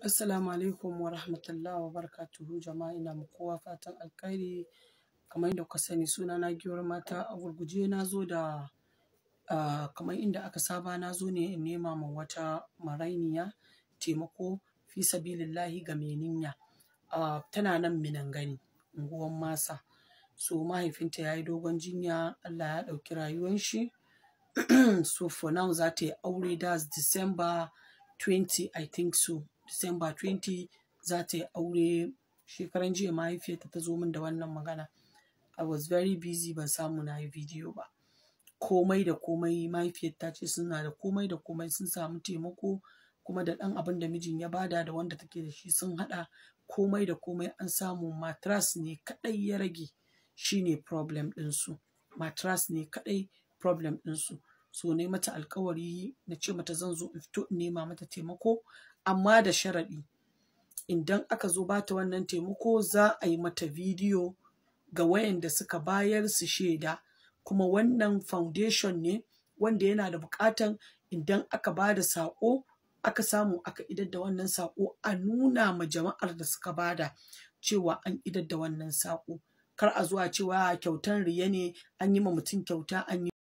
Assalamu alaikum wa rahmatullahi wa barakatuhu jama'a ina muku kowa fatan alkhairi kamar yadda kuka sani suna na giyar mata a gurguje na zo da uh, kamar inda aka saba na zo ne in nema ma wata marainiya taimako fi sabilillahi ga meninya uh, tana nan minan gani unguwan masa so mahaifinta ya yi dogon jinya Allah ya ɗauki rayuwar shi so for now za ta yi aure das December 20 I think so December 20 za ta yi aure shekaran jiya mahaifiyarta ta zo min da wannan magana I was very busy ban samu na yi bidiyo ba komai da komai mahaifiyar ta ce suna da komai da komai sun samu taimako kuma da ɗan abin da mijin ya bada da wanda take da shi sun haɗa komai da komai an samu matras ne kaɗai ya rage shine problem ɗinsu matras ne kaɗai problem ɗinsu so ne mata alkawari na ce mata zan zo in fito in nema mata taimako amma da sharaɗi idan aka zo bata wannan taimako za a yi mata bidiyo ga wayanda suka bayar su shaida kuma wannan foundation ne wanda yana da bukatan idan aka ba da saƙo aka samu aka idar da wannan saƙo a nuna ma jama'ar da suka bada cewa an idar da wannan saƙo kar a zuwa cewa kyautan riya ne an yi ma mutum kyauta an yi